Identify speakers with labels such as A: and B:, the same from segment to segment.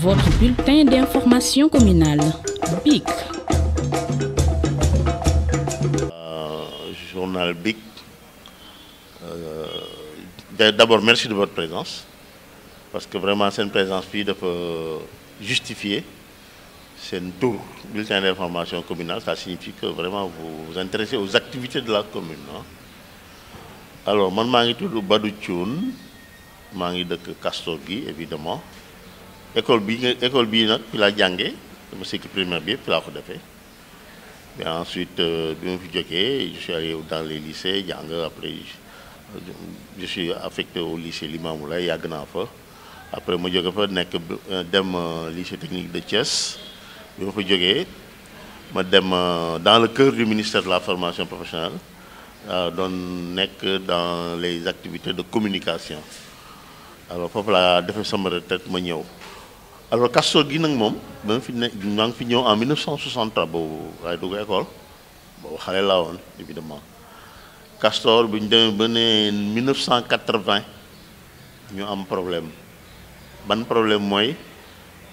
A: Votre bulletin d'information communale, BIC. Euh, journal BIC. Euh, d'abord, merci de votre présence. Parce que vraiment, c'est une présence qui peut justifier. C'est un tour, bulletin d'information communale. Ça signifie que vraiment vous vous intéressez aux activités de la commune. Hein. Alors, moi, je suis Badou Tchoun. Je suis de Castorgui, évidemment école bi école la nag je me suis sama cycle primaire bi la ko mais ensuite euh, fi je suis allé dans les lycées après je suis affecté au lycée Limamoulaye yàgg naa après je suis fa dans euh, dem euh, lycée technique de Thiès Je suis allé dans le cœur du ministère de la formation professionnelle donc dans les activités de communication alors foofu la defee sama retraite ma ñëw alors Castor Guinan, mom, moom en 1963 pour l'école, école évidemment Castor, en 1980, en en 1980 am problème ban problème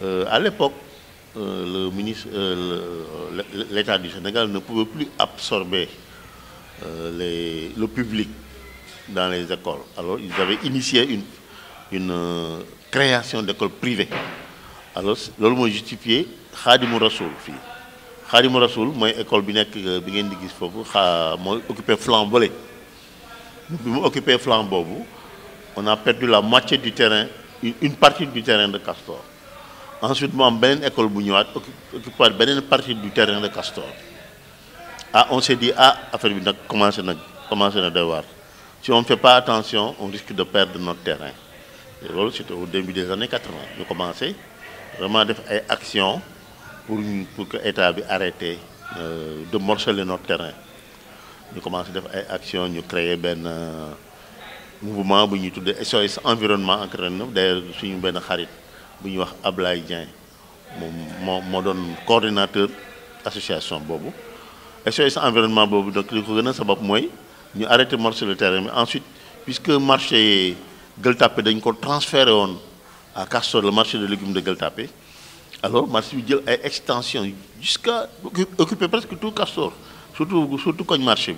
A: euh, à l'époque euh, euh, l'État du Sénégal ne pouvait plus absorber le public dans les écoles alors ils avaient initié une une création d'écoles privées alors lolu que justifier xaadimu rasoul fi xaadimu rasoul moy école bi nek euh, bi ngeen di gis foofu xaa occuper occupé flanc flambeau. occupé on a perdu la moitié du terrain une partie du terrain de Castor ensuite mo am benen école bu occupé benen partie du terrain de Castor ah on s'est dit ah affaire bi nak commencer nak commencer si on ne fait pas attention on risque de perdre notre terrain c'était au début des années 80 Nous commencé vraiment def ay action pour pour que état bi arrêté euh, de morceler notre terrain ñu commencé def ay action ñu créer benn euh, mouvement bu ñuy tuddee SOS environnement en 89 d'ailleurs suñu benn xarit bu ñuy wax Ablaye Dieng moom coordinateur association boobu SOS environnement boobu donc li ko gën a sabab mooy ñu marcher le terrain Mais ensuite puisque marché Gueule Tapée dañ ko transféré à Castor, le marché de légumes de Gueltapé. Alors, marché a est extension jusqu'à occuper presque tout Castor surtout surtout koñ marché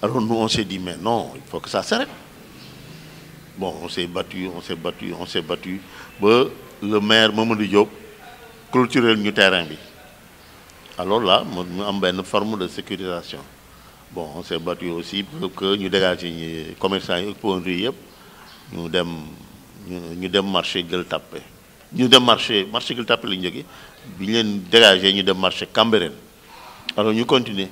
A: alors nous on s'est dit mais non il faut que ça s'arrête bon on s'est battu on s'est battu on s'est battu le maire Mamadou Diop culturel le terrain alors là on a une forme de sécurisation bon on s'est battu aussi pour que dégagions les commerçants pour nous nous dem marché Nous tapé ñu dem marché marché Gueule la dégagé dem marché Cambérène alors nous continuer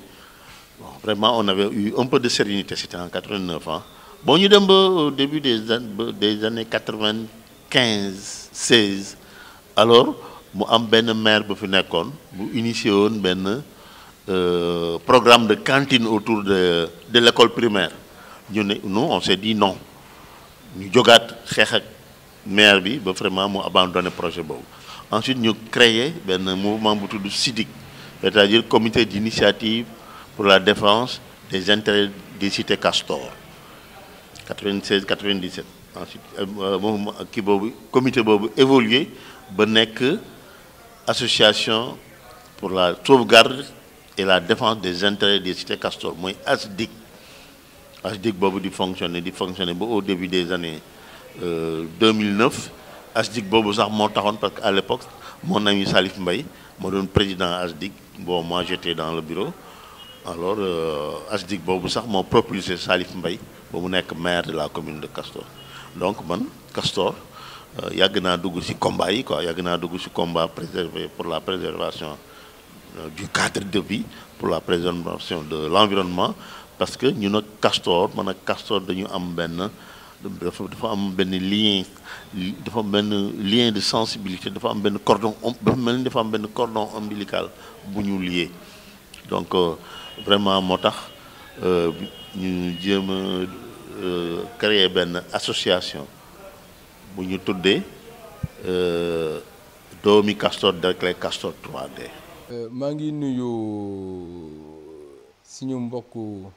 A: vraiment on avait eu un peu de sérénité c'était en 89 ans hein. bon ñu dem au euh, début des des années 95 16 alors mu am ben maire bu fi bu initié un euh, programme de cantine autour de de l'école primaire nous on s'est dit non ñu jogat xeex maire bi ba vraiment mu abandonné projet Ensuite, ensuite ñu créer un mouvement bu tudd SIDIC c'est-à-dire comité d'initiative pour la défense des intérêts des cités castors 96 97 ensuite euh, euh, mouvement euh, comité a évolué ba nekk association pour la sauvegarde et la défense des intérêts des cités castors C'est ASDIC ASDIC bobu di fonctionner di fonctionner au début des années 2009 euh, Asdik boobu sax parce qu'à à l'époque mon ami Salif Mbaye mon président Asdik, bon moi j'étais dans le bureau alors ASDIC euh, boobu sax moo propulsé Salif Mbaye ba mon maire de la commune de Castor donc man Castor il y a un combat yi quoi combat pour la préservation euh, du cadre de vie pour la préservation de l'environnement parce que nous, Castor man sommes Castor de nous Ben, dafa dafa am benn lien dafa am benn lien de sensibilité dafa am benn cordon dafa mel ni dafa am benn cordon ombilical bu ñu lié donc euh, vraiment moo tax euh, ñu jéem a euh, créer benn association bu ñu tuddee doomi Castor Derklé Castor
B: 3D. maa ngi nuyu suñu mbokku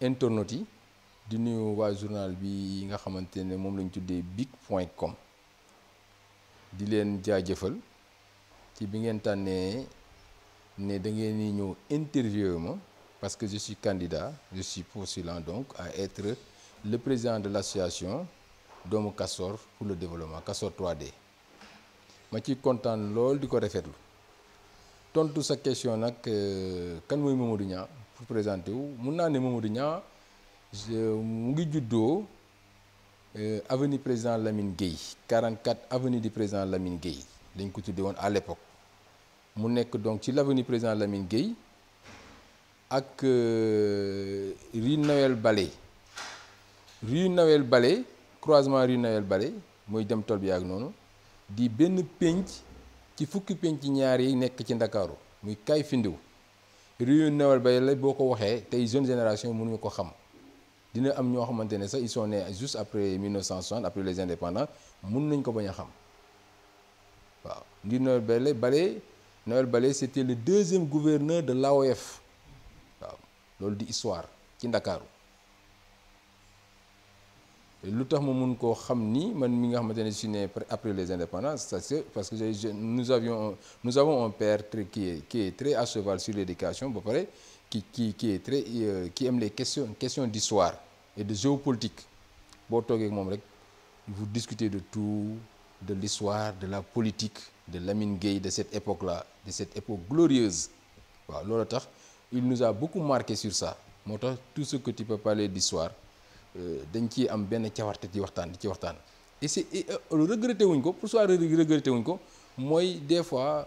B: internautes yi di nuyu waa journal bi nga xamante ne moom lañ tuddee big point com di leen jaajëfal ci bi ngeen tànnee ne da ngeen ni ñëw interviewer ma parce que je suis candidat je suis postulant donc à être le président de l'association doomu Castors pour le développement Castors 3D ma ci kontaan lool di ko rafetlu tontu sa question nag euh, kan mooy Mamadou Niang pour présenter wu mun naa ne Mamadou Niang mu ngi juddoo euh, avenue président Lamine Gueye 44 avenue du président Lamine Gueye dañ ko tuddee à l'époque mu nek donc ci l'avenue président Lamine Gueye ak euh, rue Noël Ballet. rue Noël Ballet, croisement rue Noël Ballé mooy dem tol bi ak noonu di benn pénc ci fukki a ñaar yi nekk ci Ndakaaru muy kay findiw rue Noël Ballet, beaucoup ouais, t'es waxee jeune génération mënuñu ko xam dina am ñoo xamantene sax ils sont nés juste après 1960 après les indépendants mën nañ ko bañ a xam waaw ndi Noël Bale Ballé Noël Ballé c' était le deuxième gouverneur de l'AOF waaw loolu di histoire ci Ndakaaru lu tax ma mun koo xam ni man mi nga xamantene suis né après les indépendants c'est parce que je, je, nous avions nous avons un père très qui est qui est très à cheval sur l'éducation ba pare qui, est très, euh, qui aime les questions, questions d'histoire et de géopolitique. Vous discutez de tout, de l'histoire, de la politique, de Lamine Gueye, de cette époque-là, de cette époque glorieuse. Il nous a beaucoup marqué sur ça. Tout ce que tu peux parler d'histoire, euh, il y a bien cawarte ci Et di et c'est euh, regretté wuñ ko pour soi wuñ des fois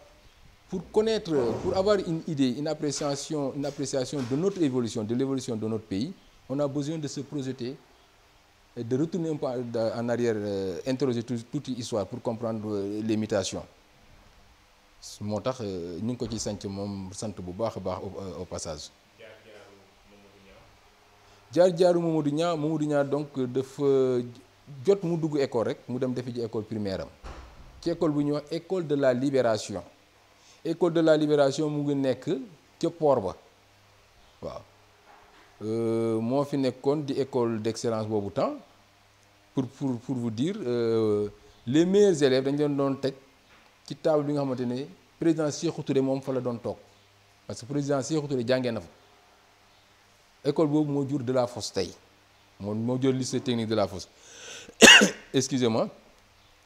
B: pour connaître, pour avoir une idée, une appréciation, une appréciation de notre évolution, de l'évolution de notre pays, on a besoin de se projeter et de retourner un peu en arrière, euh, interroger toute l'histoire pour comprendre euh, les mutations. moo euh, nous avons euh, au passage. Djar jaaru Mamadou Moumoudinia, Mamadou donc de jot mu dugg école rek mu école primaire C'est l'école école de la libération école de la libération mu ngi nekk ca port ba waaw euh, mo fi nekkoon di école d'excellence bobu temps pour pour pour vous dire euh, les meilleurs élèves dañ leen doon teg ci table bi nga xamante président Sékou Touré mom fa la don tok parce que président Sékou Touré jàngee na fa école bobu mo jur de la fosse tay moo mo jur lycée technique de la fosse excusez-moi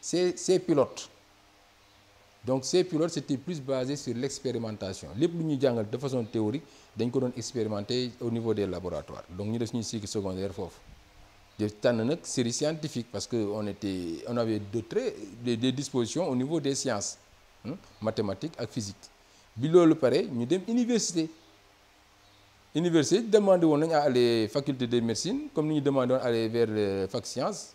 B: ces, pilotes donc ces pilotes c'était plus basé sur l'expérimentation Les lu de façon théorique d'un ko au niveau des laboratoires donc nous avons une secondaire de série scientifique parce qu'on on était on avait de très des dispositions au niveau des sciences hein, mathématiques et physique bi le pareil, ñu dem université université demandé à la faculté de médecine comme nous demandons à aller vers fac science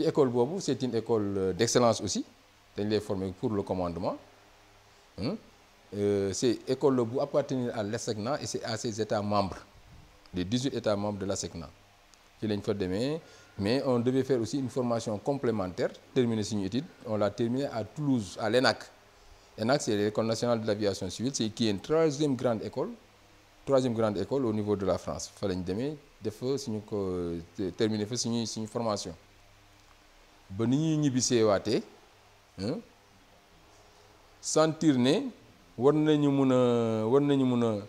B: école c'est une école euh, d'excellence aussi Elle est formée pour le commandement hein? euh, c'est école la à l'ASECNA et c'est à ses états membres les 18 états membres de e l'ASECNA mais on devait faire aussi une formation complémentaire terminer son étude on l'a terminée à Toulouse à l'ENAC L'ENAC c'est l'école nationale de l'aviation civile c'est qui est une troisième grande école troisième grande école au niveau de la France Il fallait demain, terminer fa formation ba ni ñuy ñibbisee waatee hein, sentir ne war nañu mun a war nañu mun a euh,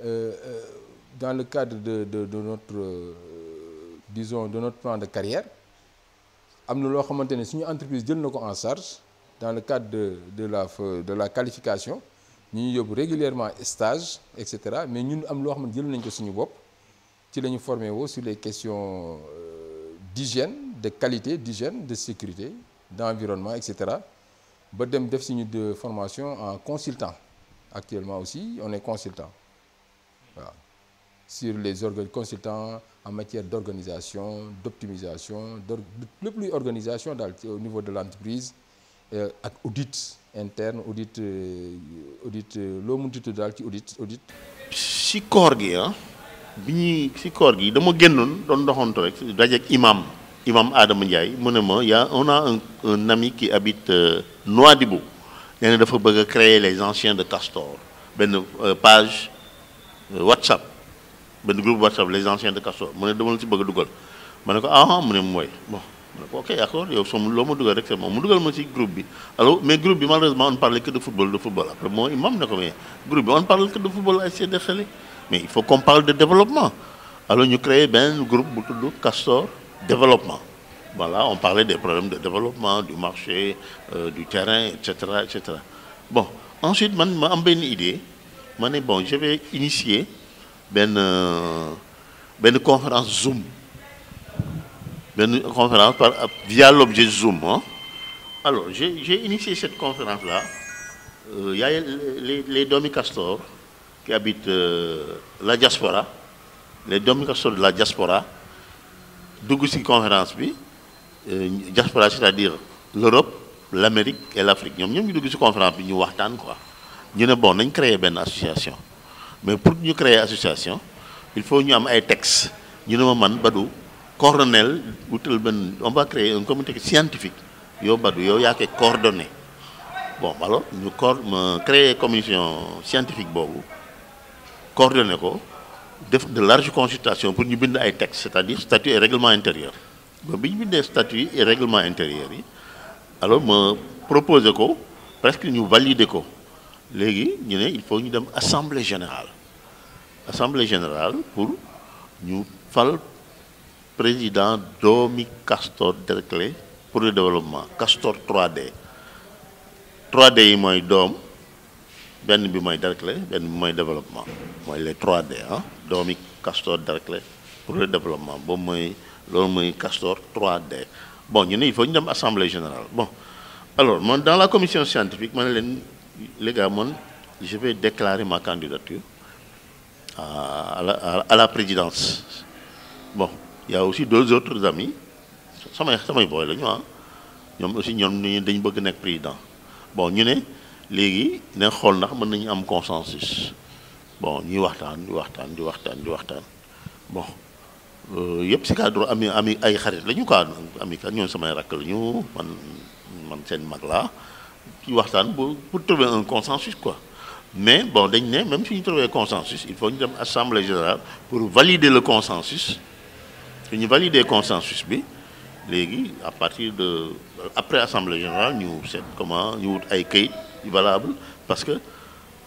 B: euh, dans le cadre de de de notre euh, disons de notre plan de carrière am na loo xamante ne suñu entreprise jël na ko en charge dans le cadre de de la de la qualification ñu ñu yóbbu régulièrement stage et cetera mais ñun am loo xam ne jël nañ ko suñu bopp ci la ñu formé woo sur les questions d'hygiène de qualité d'hygiène de sécurité d'environnement etc. cetera ba dem def de formation en consultant actuellement aussi on est consultant sur les consultants en matière d'organisation d'optimisation de plus organisation au niveau de l'entreprise euh, avec audit interne audit euh, audit euh, l'homme mënti audit si
A: ah, imam imam Adama Ndiaye mu ma y' a on a un un ami qui habite euh, Nouadhibou nee Il dafa bëgg a créer les anciens de Castor une euh, page euh, WhatsApp un groupe WhatsApp les anciens de Castor il ne dama bëgg a dugal ma ne ah il bon ma ok d'accord, accord yow a un ma dugal rek c'est mu ma groupe bi alors mais groupe malheureusement on parle que de football de football après moi, imam m'a ko mais groupe bi on parle que de football à seede mais il faut qu'on parle de développement alors ñu créer un groupe bu Castor développement. Voilà, on parlait des problèmes de développement, du marché, euh, du terrain, etc., etc. Bon, ensuite, j'ai une idée. bon, je vais initier ben, une euh, conférence Zoom. une conférence via l'objet Zoom. Hein. Alors, j'ai initié cette conférence-là. Il euh, y a les, les qui habitent la diaspora, les domicastors de la diaspora, dugg ci conférence bi euh, diaspora c'est-à-dire l'Europe l'Amérique et l'Afrique ñom ñom ñu dugg ci conférence bi ñu waxtaan quoi ñu ne bon nañ créer une association mais pour ñu créer association il faut ñu am ay textes ñu ne ma man Badou coordonnel outil ben on va créer un comité scientifique il badu yo yaa coordonner bon alors ñu co créer commission scientifique bobu coordonner ko de large consultation pour nous bind ay textes c'est-à-dire statut et règlement intérieur ba nous des statut et règlement intérieur alors je propose ko presque ñu valider ko il faut une assemblée générale assemblée générale pour ñu le président Domi Castor Derclé pour le développement Castor 3D 3D yi Dom. Ben, bi ben Derklé développement. Il développement les 3D domic Castor Derklé pour le développement bon mooy loolu Castor 3D bon il faut une assemblée générale bon alors dans la commission scientifique je vais déclarer ma candidature à la présidence bon il y a aussi deux autres amis samay samay booy la ñu ah ñoom aussi ñoom dañu président bon ñu ne léegi ne consensus bon ñuy waxtaan di waxtaan di waxtaan di waxtaan bon euh, yëpp si cadre ami ami ay xarit lañu quoi ami kan ñoom samay rakk la ñu man man seen mag laa ci waxtaan pour trouver un consensus quoi mais bon dañ ne même si ñu trouver consensus il faut ñu dem assemblée générale pour valider le consensus su ñu valider consensus bi légui à partir de après assemblée générale ñu seet comment ñu wut ay kayit valable parce que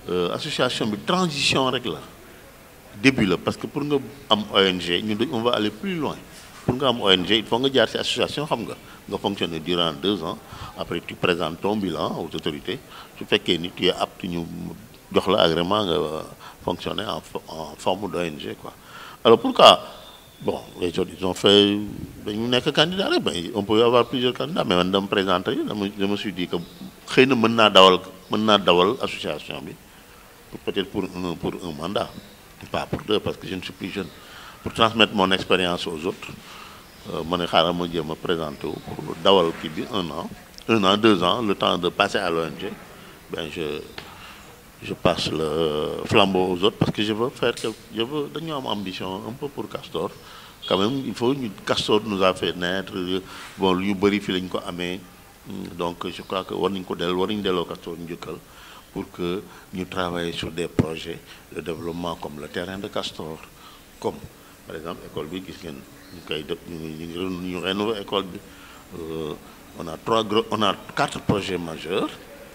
A: euh, association de transition avec là début là parce que pour nous am ONG nous on va aller plus loin pour nous am ONG il faut que une ci association xam nga fonctionner durant deux ans après tu présentes ton bilan aux autorités tu fais ni tu es apte ñu jox la agrément nga fonctionner en forme d'ONG quoi alors pourquoi bon les gens ils ont fait dañu nekk candidat ben on peut avoir plusieurs candidats mais maintenant, présenter je me suis dit que je ne mën pas dawal mën peut-être pour un, mandat, pas pour deux, parce que je ne suis plus jeune, pour transmettre mon expérience aux autres. mon me présente pour dawal un an un an deux ans le temps de passer à l'ONG ben je passe le flambeau aux autres parce que je veux faire que je veux ambition un peu pour Castor quand même il faut Castor nous a fait naître bon lui, donc je crois que war Castor pour que nous travaillions sur des projets de développement comme le terrain de Castor, comme par exemple l'école bi nous Nous école euh, on a trois on a quatre projets majeurs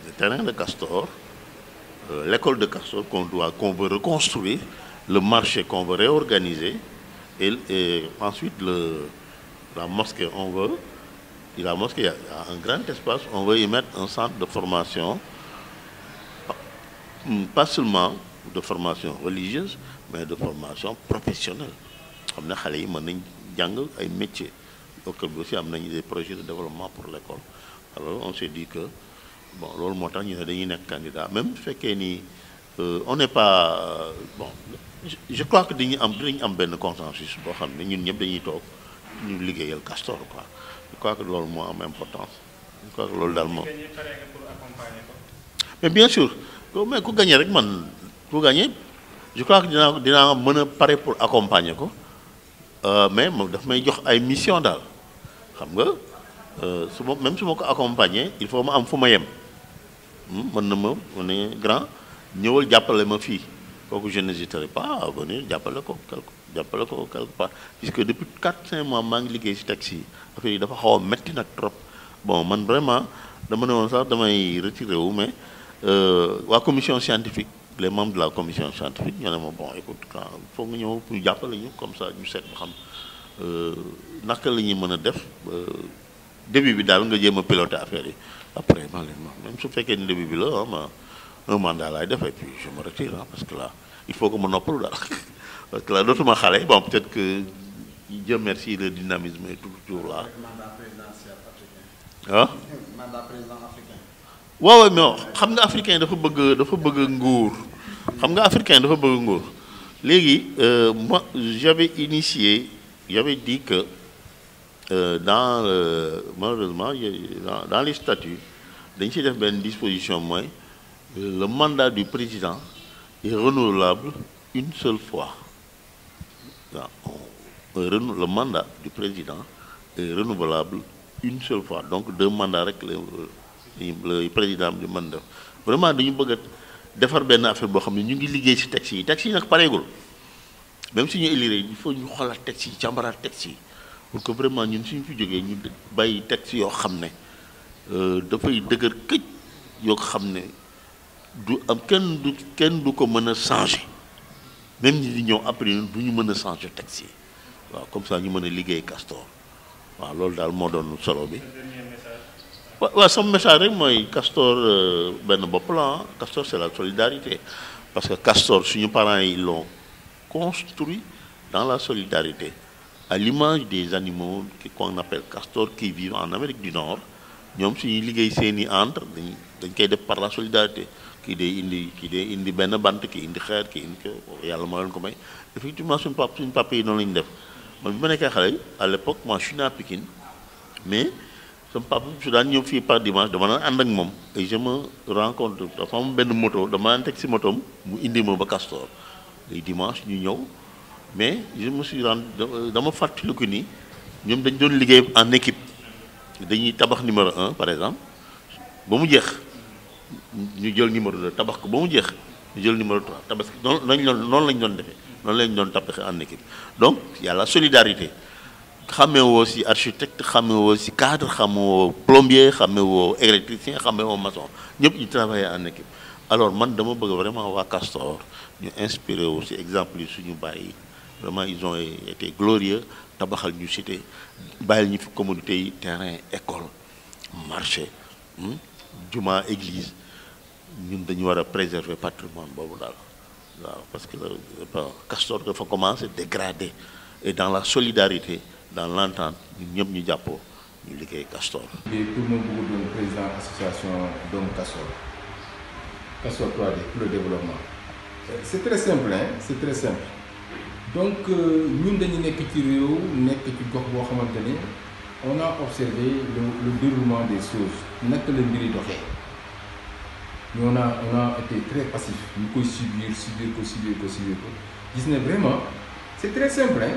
A: le terrain de Castor euh, l'école de Castor qu'on doit veut reconstruire le marché qu'on veut réorganiser et, ensuite la mosquée on veut et la mosquée il a un grand espace on veut y mettre un centre de formation Mm, pas seulement de formation religieuse mais de formation professionnelle on a des yi qui ont jàng métiers aussi on des projets de développement pour l'école alors on s'est dit que bon loolu moo tax ñu ne candidat même si ni euh, on n'est pas euh, bon je crois que nous am un bon consensus boo xam ne ñun ñëpp dañuy toog ñu le Castor quoi je crois que c'est important. am importance je crois que c'est mais bien sûr mais ko gagné rek man ko gagné je crois que dina dina mën paré pour accompagner ko euh mais moom daf may jox ay mission dal xam nga euh, su ma même su ma ko accompagner il faut ma am fuma ma yem man hmm, na ma on est grand ñewal jappalé ma fii kooku je n'hésiterai pas à venir jappalé ko quelque jappalé ko quelque part puisque depuis 4 5 mois maa ngi liggéey si taxi affaire yi dafa xaw metti nak trop bon man vraiment dama ne woon sax damay retiré wu mais la euh, commission scientifique les membres de la commission scientifique il ñoo ne ma bon écoute quand foog nga ñëw pour jàppale ñu comme ça ñu seet ba xam euh, naka la ñuy mën a def début bi daal nga jéem piloter affaire après ma leen ma même su fekkee début bi la ah, un mandat là, def et puis je me retire ah, parce que là il faut que je noppalu daal parce que là dootuma xale bon peut-être que Dieu merci le dynamisme est toujours là. le
B: mandat présidentiel africain.
A: Le ah? mandat président africain. Oui, non xam nga africain dafa bëgg dafa bëgg nguur xam nga africain dafa bëgg nguur légui euh, moi j'avais initié j'avais dit que euh, dans malheureusement dans, les statuts dans y def disposition le mandat du président est renouvelable une seule fois euh, le mandat du président est renouvelable une seule fois donc deux mandats avec le président bi di mën def vraiment dañu bëgg a defar benn affaire boo xam ne ñu ngi liggéey si texte yi texte yi nag pareegul même suñu élire il faut ñu xolaat texte yi càmbaraat texte yi pour que vraiment ñun suñu fi jógee ñu bàyyi texte yoo xam ne euh, dafay dëgër këj yoo xam ne du am kenn du kenn du ko mën a changer même ñi di ñëw après du ñu mën a changer texte yi waaw comme ça ñu mën a liggéey Castor waaw loolu daal moo doon solo bi wa waaw sama message Castor ben bopp plan hein. Castor c'est la solidarité parce que Castor suñu parents ils l'ont construit dans la solidarité à l'image des animaux qu'on appelle Castor qui vivent en Amérique du Nord Nous, suñuy liggéey seen i entre dañ dañ par la solidarité qui est indi qui des indi benn une qui indi xeer qui indi ko oh, yàlla moo ko may effectivement suñu pap suñu papa yi noonu la def man à l'époque moi je suis né à Pékin, mais sama papa su daan ñëw fii par dimanche dama daan ànd ak moom et je me rencontre dafa am benn moto dama daan teg si moto mu indi ma ba Castor les dimanche ñu ñëw mais je me suis rendu dama fàttaliku ni ñoom dañ doon liggéey en équipe dañuy tabax numéro un par exemple ba mu jeex ñu jël numéro deux tabax ko ba mu jeex ñu jël numéro trois tabax noonu lañ doon noonu lañ doon defee noonu lañ doon tabaxee en équipe donc y a la solidarité xamewoo aussi, architecte xamewoo aussi, cadre xamewoo plombier xamewoo électricien xamewoo maçon ñëpp ñu travailler en équipe alors man dama bëgg vraiment Wa Castor ñu inspiré wu ci exemple yi suñu fait. vraiment ils ont été glorieux tabaxal ñu cité bayal ñu fi communauté yi terrain école marché hmm, juma, église ñun dañu wara préserver patrimoine bobu dal parce que euh, Castor commencer à dégrader. et dans la solidarité dans l'entente nous le Castor.
B: Et président association Castor Castor 3 le développement c'est très simple hein, c'est très simple donc euh, on a observé le le déroulement des choses on a été très passif nous koy subir subir subir subir vraiment c'est très simple hein.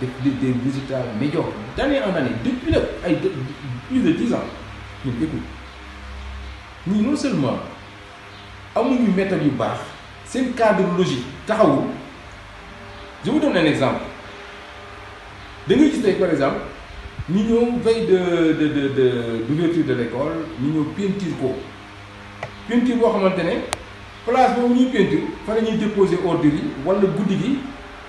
B: des, des, des résultats médiocres d'année en année, depuis le, plus de 10 ans. Donc écoute, nous non seulement amuñu méthode yu baax seen cadre logique. je vous donne un exemple da ngay par exemple ñu ñëw veille de de de de d'ouverture de l'école nous avons peinture ko peinture boo xamante ne place boobu ñuy peinture fa la ñuy déposer ou le wala guddi gi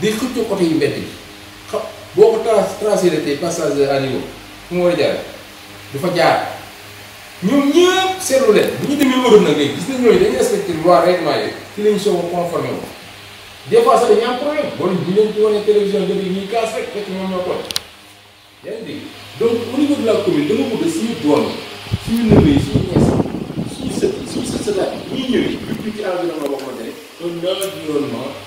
B: day xëccoo oto yi mbedd bi xam boo ko tra tracé tey passage à niveau fu war a jaar du fa jaar ñoom ñëpp seetlu leen bu ñu demee wóorul nag léegi gis nañ ñooñu dañuy respecté loi règlement yi a conformé wu. des fois sax dañuy am kaas rek fekk ñoo tooñ yaa ngi dégg donc au niveau de la commune dama bëgg suñu doom suñu nënd yi suñu ñees suñu sët suñu sët sëtaat ñuy ñëwee ñu ci environnement boo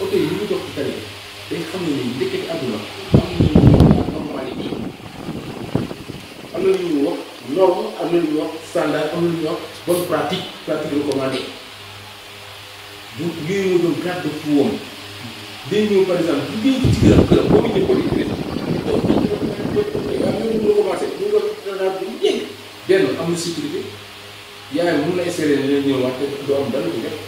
B: oto yi li ñu jox ci tali day xam ne nii ndekete àdduna am na lu ñuy am na lu ñuy wax norme am na lu ñuy wax standard am na lu ñuy wax bonne pratique pratique recommandée bu yooyu moo doon garde fu woon day ñëw par exemple bu ngeen ci gërëm gërëm boo ko jëkkoon yi ñu commencé ñu nga danaa bu yëg benn amul sécurité yaay mun na essayer ne ñëw wax te du am dara bu nekk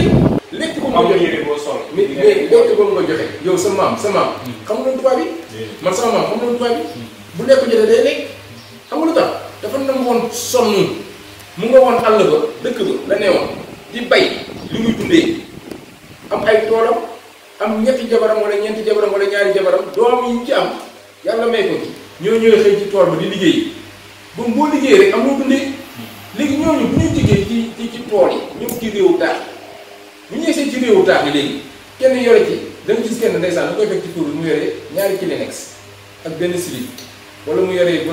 B: lépp ko ma joxe boo sol mais mais lépp ko ma joxe yow sa maam sa maam hmm. xam loon tubaab bi man sama maam xam loon tubaab bi hmm. bu lekk jotee day lekk xam nga lu tax dafa nam woon sonn mu nga woon àll ba dëkk ba la nee woon di bay li muy dundee am ay toolam am ñetti jabaram wala ñeenti jabaram wala ñaari jabaram doom yi ci am yàlla may ko ñoo ñooy xëy ci tool ba di liggéey ba boo liggéey rek am loo dundee hmm. léegi ñooñu bu ñu jigéen ci ci ci tool yi ñoom ci réewu daal bu ñu yegsee ci réewu taax yi léegi kenn yore ci da nga si kenn ndeysaan da koy fekk ci tur mu yore ñaari Kleenex ak benn slip wala mu yore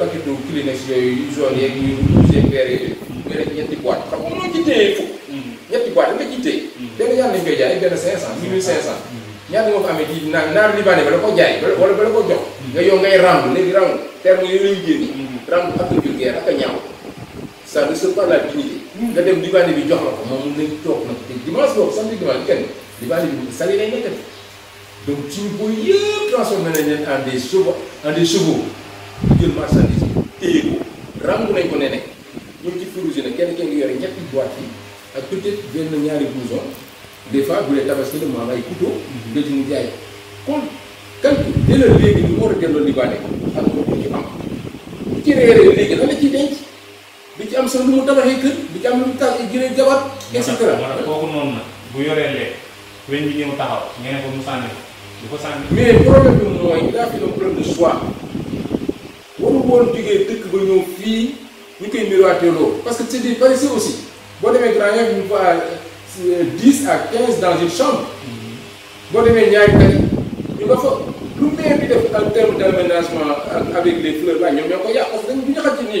B: paquetu Kleenex yooyu jaune yeeg yu rouge vert yooyu mu yore ci ñetti boîte xam nga moo mm-hmm. mm-hmm. benn ñaar lañ koy jaay benn 500 1500 mm-hmm. amee ci naar libaane ba la ko jaay wala ba la ko jox nga yow ngay ràmb léegi ràmb terme ak vulgaire ak a ñaaw ça ne se pas la dignité nga dem dibaane bi jox la ko moom nañ toog nag te dimanche boobu samedi dimanche kenn dibaane bi sali lay nekkati donc booy yëpp transformé nañ leen en des chevaux en des chevaux ñu jël marchandise bi téye ko rangu nañ ko ne ne ñun ci ak peut benn ñaari blouson des fois bu dee tabaski la mu am ay mhm. nga ci mu jaay kon calcul dina léegi ñu war a delloo libaane xam nga ñu ci am léegi lan la ciy denc. am sa lu mu tabaxee kër di am lu mu tax jëlee jabar et cetera moo non na bu yoree lee weñ gi ñëw taxaw ngeen ko mu sànni ko du ko sànni mais problème bi moy da fi doon problème de choix wonu woon digé dëkk ba ñëw fi ñu koy miroité lo parce que c'est des parisiens aussi bo démé Grand Yoff ñu fa 10 à 15 dans une chambre bo démé ñaay tali ñu ko fa lu maire bi def en terme d'aménagement avec les fleurs là ñom ñoko ko dañu ñu xati ni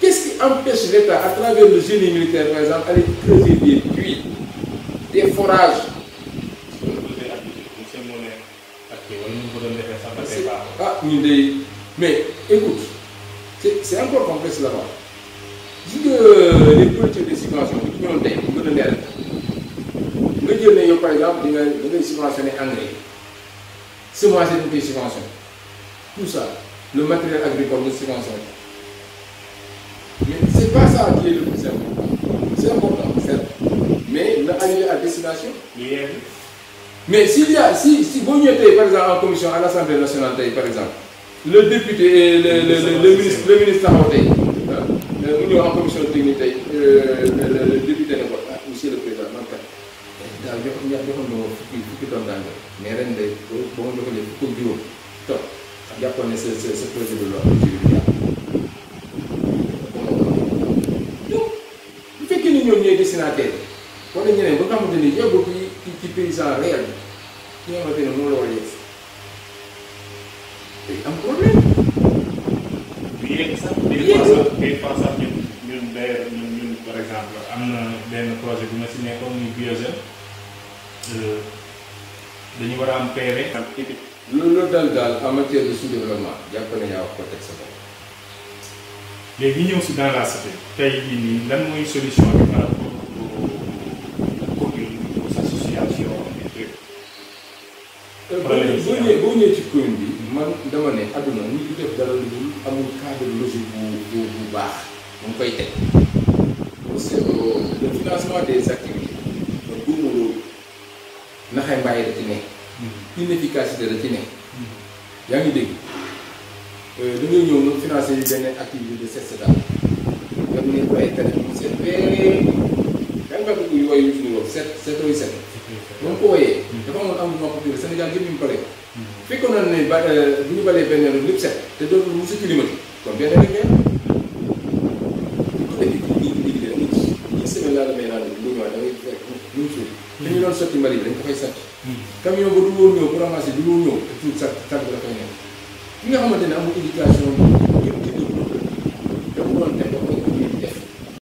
B: Qu'est-ce qui empêche l'État, à travers le génie militaire par exemple, d'aller creuser des puits, des forages ah, mais écoute, c'est encore complexe là-bas. Dis que euh, les politiques de subvention, qui ont des nga jël Le yow par exemple di a subventionné engrais C'est moi toutes ai subventionné tout ça le matériel agricole de subventionné mais ce n'est pas ça qui est le plus important. C'est important, certes. Mais aller à destination. Mais s'il y a, si, si vous êtes par exemple en commission à l'Assemblée nationale, par exemple, le député, et le, le, le, le, ministre, le ministre nous hein, euh, en commission de euh, le, député n'est pas monsieur le président, y a ñax joxoon na fukki fukki dans le nga mais peu de pour ma joxoon fukki juróom toog jàppoon il y a un projet de loi destinataire wala ñeneen ba nga xamante ni yóbbu ci ci paysan réel bi nga xamante ne moom la war a yegg day am problème. du yegg sax day faral par exemple am na benn projet bu ma si nekkoon muy biogène euh, war a am PV. loolu daal daal en matière de sous-développement jàpp na yaa wax ko teg sa bopp. léegi lan mooy solution bi par boo ñëwee boo ñëwee ci commune bi man dama ne adduna ñu ngi def dara lu amul cadre bu bu bu baax mu koy teg parce euh, des activités man bu mu hmm. hmm. yaa ngi dégg euh, da ñëw nag financé yu benn set daal set ba mu ko wooyee. dafa amoon amul nopp biir Sénégal yëpp ñu mu balee ko. fekkoon na ne ba euh, bu ñu balee benn yoon lépp set te dootul mu ci limati kon benn rek ngeen. bu ñu ko defee digg digg digg semaine laa la may naan bu ñu da ngay fekk bu ñu suul. li ñu doon sotti mbali bi dañ ko fay sant. camion ba du woon ñëw pour ramasser du woon ñëw te tuut sant sant la koy nekk. ki nga xamante ne amul éducation.